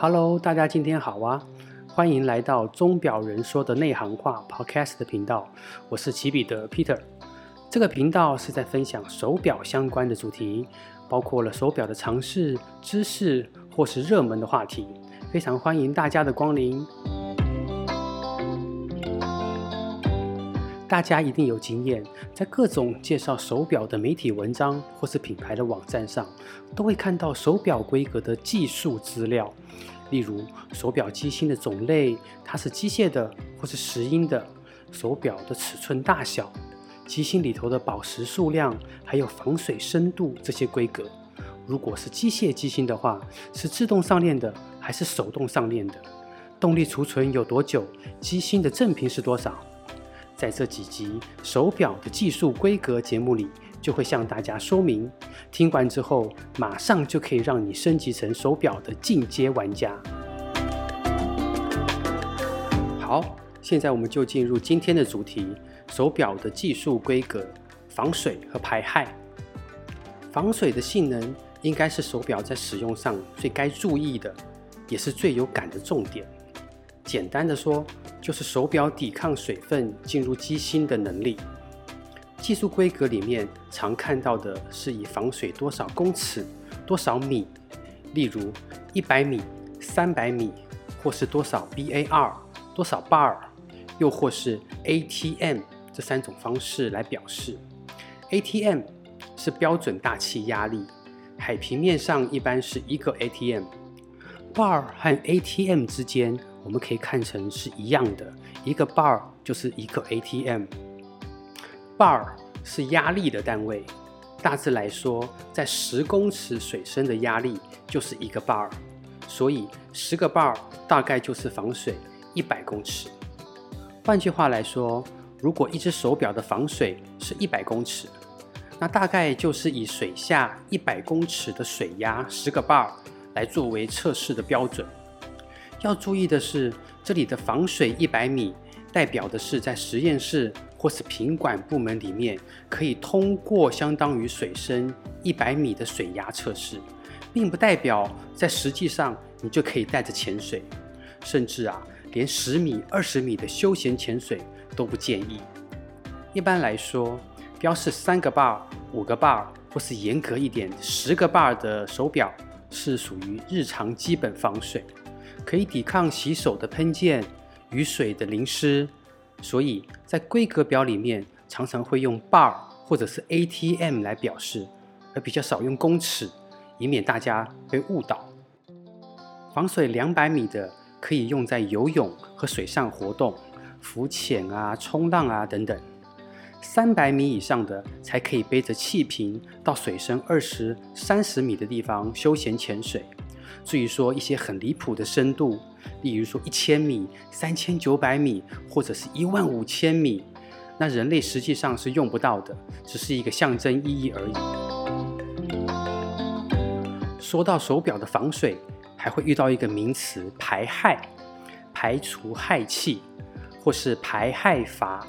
Hello，大家今天好啊！歡迎來到鐘錶人說的內行話 Podcast 頻道，我是奇彼得 Peter。這個頻道是在分享手錶相關的主題，包括了手錶的常識、知識或是熱門的話題，非常歡迎大家的光臨。大家一定有經驗，在各種介紹手表的媒體文章或是品牌的網站上，都會看到手表規格的技術資料，例如手表機芯的種類，它是機械的或是石英的，手表的尺寸大小，機芯裡頭的寶石數量，還有防水深度這些規格。如果是機械機芯的話，是自動上鏈的還是手動上鏈的？動力儲存有多久？機芯的正品震頻是多少？在這幾集手錶的技術規格節目裡，就會向大家說明。聽完之後，馬上就可以讓你升級成手錶的進階玩家。好，現在我們就進入今天的主題：手錶的技術規格，防水和排氦。防水的性能應該是手錶在使用上最該注意的，也是最有感的重點。簡單的說，就是手錶抵抗水分進入機芯的能力。技術規格裡面常看到的是以防水多少公尺、多少米，例如一百米、三百米，或是多少 BAR，多少 bar，又或是 ATM 這三種方式來表示。ATM 是標準大氣壓力，海平面上一般是一個 ATM。bar 和 ATM 之間。我們可以看成是一樣的，一個 bar 就是一個 ATM。bar 是壓力的單位，大致來說，在十公尺水深的壓力就是一個 bar，所以十個 bar 大概就是防水一百公尺。換句話來說，如果一只手表的防水是一百公尺，那大概就是以水下一百公尺的水壓十個 bar 來作為測試的標準。要注意的是，這裡的防水一百米代表的是在實驗室或是品管部門裡面可以通過相當於水深一百米的水壓測試，並不代表在實際上你就可以戴着潛水，甚至啊連十米、二十米的休閒潛水都不建議。一般來說，標示三個 bar、五個 bar，或是嚴格一點十個 bar 的手表是屬於日常基本防水。可以抵抗洗手的噴濺、雨水的淋濕，所以在規格表裡面常常會用 bar 或者是 ATM 來表示，而比較少用公尺，以免大家被誤導。防水兩百米的可以用在游泳和水上活動、浮潛啊、衝浪啊等等，三百米以上的才可以背着氣瓶到水深二十三十米的地方休閒潛水。至於說一些很離譜的深度，例如說一千米、三千九百米或者是一萬五千米，那人類實際上是用不到的，只是一個象徵意義而已。說到手錶的防水，還會遇到一個名詞——排氦，排除氦氣，或是排氦閥，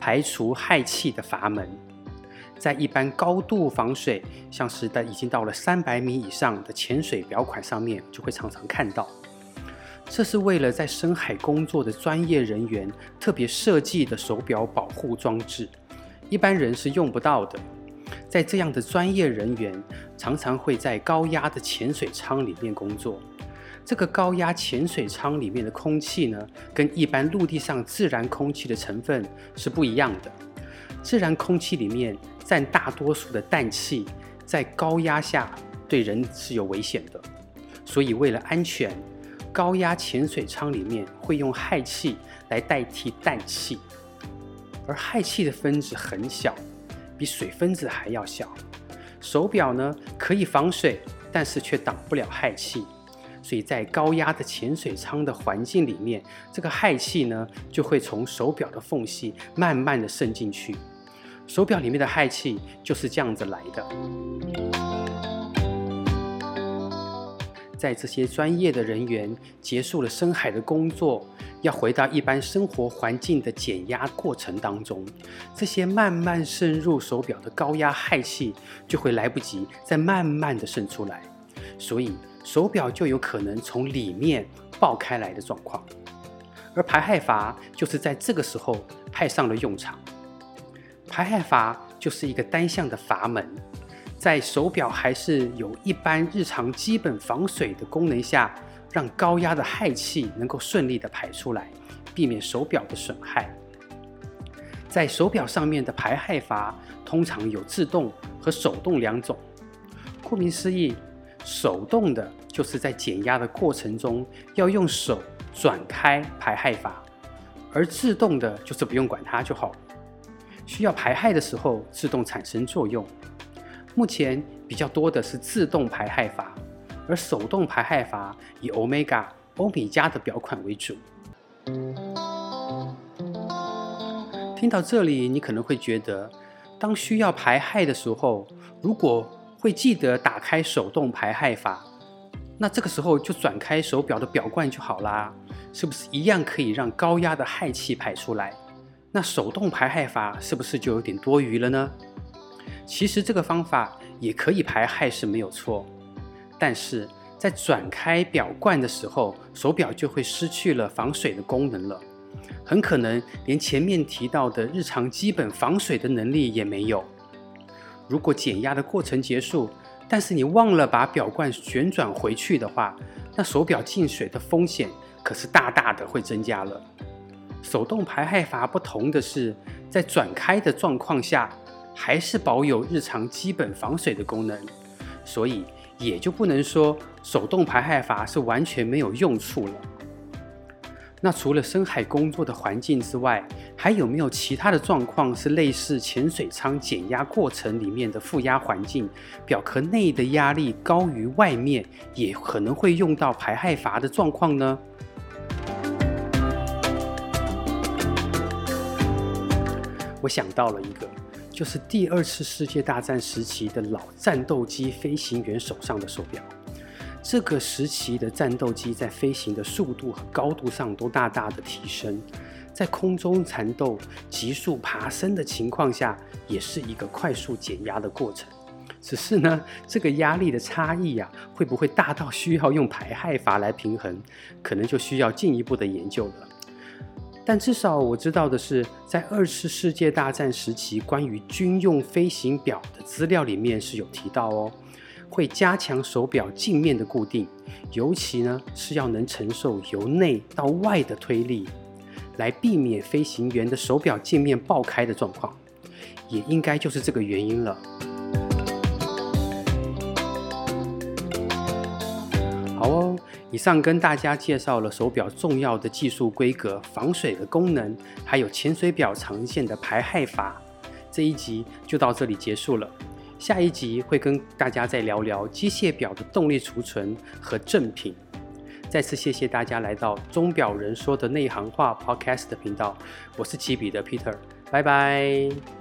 排除氦氣的閥門。在一般高度防水，像是在已經到了三百米以上的潛水表款上面，就會常常看到。這是為了在深海工作的專業人員特別設計的手表保護裝置，一般人是用不到的。在這樣的專業人員常常會在高壓的潛水艙裡面工作。這個高壓潛水艙裡面的空氣呢，跟一般陸地上自然空氣的成分是不一樣的。自然空氣裡面。佔大多數的氮氣，在高壓下對人是有危險的，所以為了安全，高壓潛水艙裡面會用氦氣來代替氮氣。而氦氣的分子很小，比水分子還要小。手錶呢可以防水，但是卻擋不了氦氣，所以在高壓的潛水艙的環境裡面，這個氦氣呢就會從手錶的縫隙慢慢地滲進去。手錶裡面的氦氣就是這樣子來的。在這些專業的人員結束了深海的工作，要回到一般生活環境的減壓過程當中，這些慢慢滲入手錶的高壓氦氣就會來不及再慢慢的滲出來，所以手錶就有可能從裡面爆開來的狀況。而排氦閥就是在這個時候派上了用場。排氦閥就是一個單向的閥門，在手錶還是有一般日常基本防水的功能下，讓高壓的氦氣能夠順利的排出來，避免手錶的損害。在手錶上面的排氦閥通常有自動和手動兩種。顧名思義，手動的就是在減壓的過程中要用手轉開排氦閥，而自動的就是不用管它就好。需要排氦的時候，自動產生作用。目前比較多的是自動排氦閥，而手動排氦閥以 Omega 歐米茄的錶款為主。聽到這裡，你可能會覺得，當需要排氦的時候，如果會記得打開手動排氦閥，那這個時候就轉開手錶的錶冠就好啦，是不是一樣可以讓高壓的氦氣排出來？那手動排氦法是不是就有點多餘了呢？其實這個方法也可以排氦，是沒有錯，但是在轉開表冠的時候，手表就會失去了防水的功能了，很可能連前面提到的日常基本防水的能力也沒有。如果減壓的過程結束，但是你忘了把表冠旋轉回去的話，那手表進水的風險可是大大的會增加了。手動排氦閥不同的是，在轉開的狀況下，還是保有日常基本防水的功能，所以也就不能說手動排氦閥是完全沒有用處了。那除了深海工作的環境之外，還有沒有其他的狀況是類似潛水艙減壓過程裡面的負壓環境，錶殼內的壓力高於外面，也可能會用到排氦閥的狀況呢？我想到了一個，就是第二次世界大戰時期的老戰鬥機飛行員手上的手錶。這個時期的戰鬥機在飛行的速度和高度上都大大的提升，在空中纏鬥、急速爬升的情況下，也是一個快速減壓的過程。只是呢，這個壓力的差異呀、啊，會不會大到需要用排氦閥來平衡，可能就需要進一步的研究了。但至少我知道的是，在二次世界大戰時期，關於軍用飛行表的資料裡面是有提到哦，會加強手表鏡面的固定，尤其呢是要能承受由內到外的推力，來避免飛行員的手表鏡面爆開的狀況，也應該就是這個原因了。以上跟大家介紹了手表重要的技術規格、防水的功能，還有潛水表常見的排氦閥。這一集就到這裡結束了，下一集會跟大家再聊聊機械表的動力儲存和震頻。再次謝謝大家來到《鐘表人說的內行話》Podcast 頻道，我是起比的 Peter，拜拜。